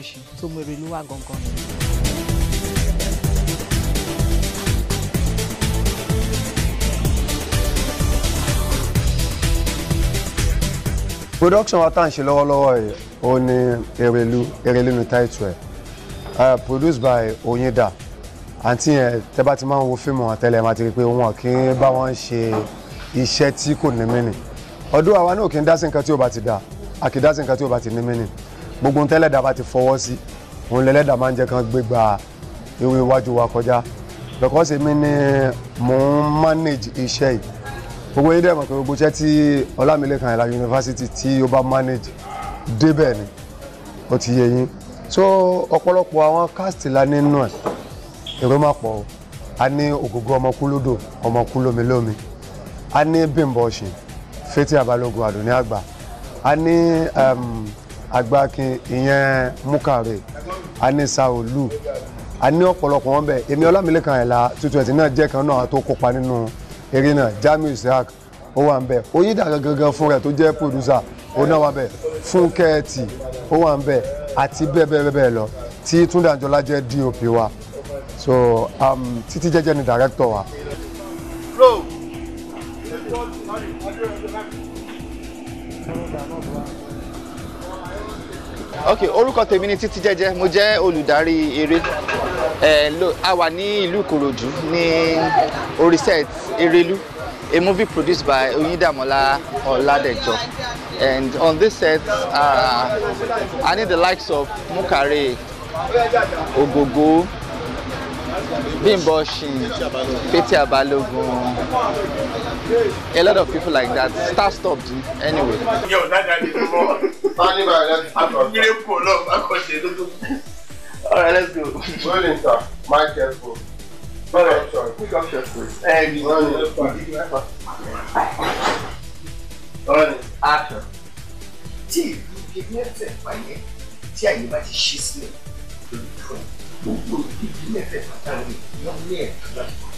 lóríṣiríṣi tó mú ló wà gangan. production wa tá à ń ṣe lọ́wọ́lọ́wọ́ yìí ó ní Erelu Erelu ní táìtù ẹ̀ produced by Oyinda àǹtí yẹn tẹ́ bá ti máa ń wo fíìmù àtẹ́lẹ̀ máa ti rí i pé wọn kì í bá wọn ṣe iṣẹ́ tí kò ní mí nì ọdún àwa náà kì í dá sí nǹkan tí ó bá ti dá a kì í dá sí nǹkan tí ó bá ti ní mí nì gbogbo tẹ́lẹ̀dá bá ti fọwọ́ sí òun lẹ́lẹ́dá máa ń jẹ́ kán gbégbá ewé iwájú wa kọjá because èmi ni mò ń manage iṣẹ́ yìí gbogbo yín dẹ̀ mọ̀ pé gbogbo iṣẹ́ tí Ọlámilékan Àyìnlá yunifásitì tí ó bá manage débẹ̀ ni ó ti yé yín so ọ̀pọ̀lọpọ̀ àwọn cast la nínú ẹ̀ èrò máa pọ̀ o a ní ògógó ọmọkúlódò ọmọkúlómilómi a ní Bímbọ́ Ọ̀ṣìn Fathia Balógun Àdùnní àgbà a ní. Um, agbákin ìyẹn mukare anisaholu a ní ọ̀pọ̀lọpọ̀ wọn bẹ̀ èmi ọlámilẹ́kan ẹ̀la tuntun ẹ̀tì náà jẹ́ kan náà tó kópa nínú eré náà Jamiu Isiaq ó wà ń bẹ̀ oyídà gangan fún rẹ̀ tó jẹ́ pòdùsà ó náà wà bẹ̀ Fúnkẹ́ Tì ó wà ń bẹ̀ àti bẹ́ẹ̀ bẹ́ẹ̀ bẹ́ẹ̀ lọ tí Túndé Àjọlá jẹ́ DOP wa so um, Títí Jẹ́jẹ́ ni director wa. Thank ok orúkọ tèmi ni títí jẹ́jẹ́ mo jẹ́ olùdarí eré ẹ lo a wà ní ìlú ìkòròdú ní oriset erelu a movie produced by oyidamola ọládẹjọ and on this set uh, i need the likes of mukare ogogo Bimbo Shin, Pete Abalogun, a lot of people like that. Star stopped anyway. Ah, All right, let's go. Rolling sir, my careful. All right, sorry. Quick option, please. Hey, you want to Rolling, action. Tí ìlú ìdílé ẹ̀fẹ̀ pàyẹ́ tí àyè bá ti ṣí sílẹ̀ lórí fún ẹ. Gbogbo ìdílé ẹ̀fẹ̀ pàtàkì ló ní ẹ̀ka láti kọ́.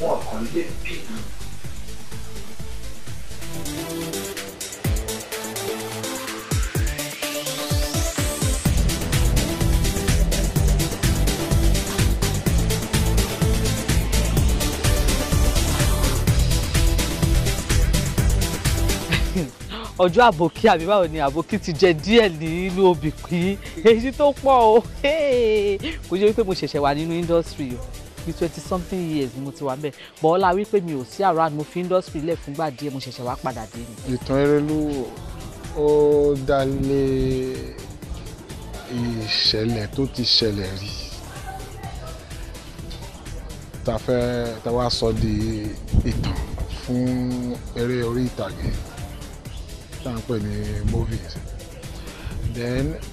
Wọ́n kàn lé bí ìlú. ọjọ́ àbòkí àbí báwo ni àbòkí ti jẹ díẹ̀ nínú obì pín èyí tó pọ̀ o kò jẹ́ wípé mo ṣẹ̀ṣẹ̀ wà nínú industry o bí twenty something years ni mo ti wà bẹ́ẹ̀ bọ́ọ̀lá wípé mi ò sí around mo fi industry lẹ̀ fúngbà díẹ̀ mo ṣẹ̀ṣẹ̀ wá padà dé ni. ìtàn Erelu ó dá lé ìṣẹ̀lẹ̀ tó ti ṣẹlẹ̀ rí ta fẹ́ ta wá sọ di ìtàn fún eré orí ìtàgé. tá à ń movies then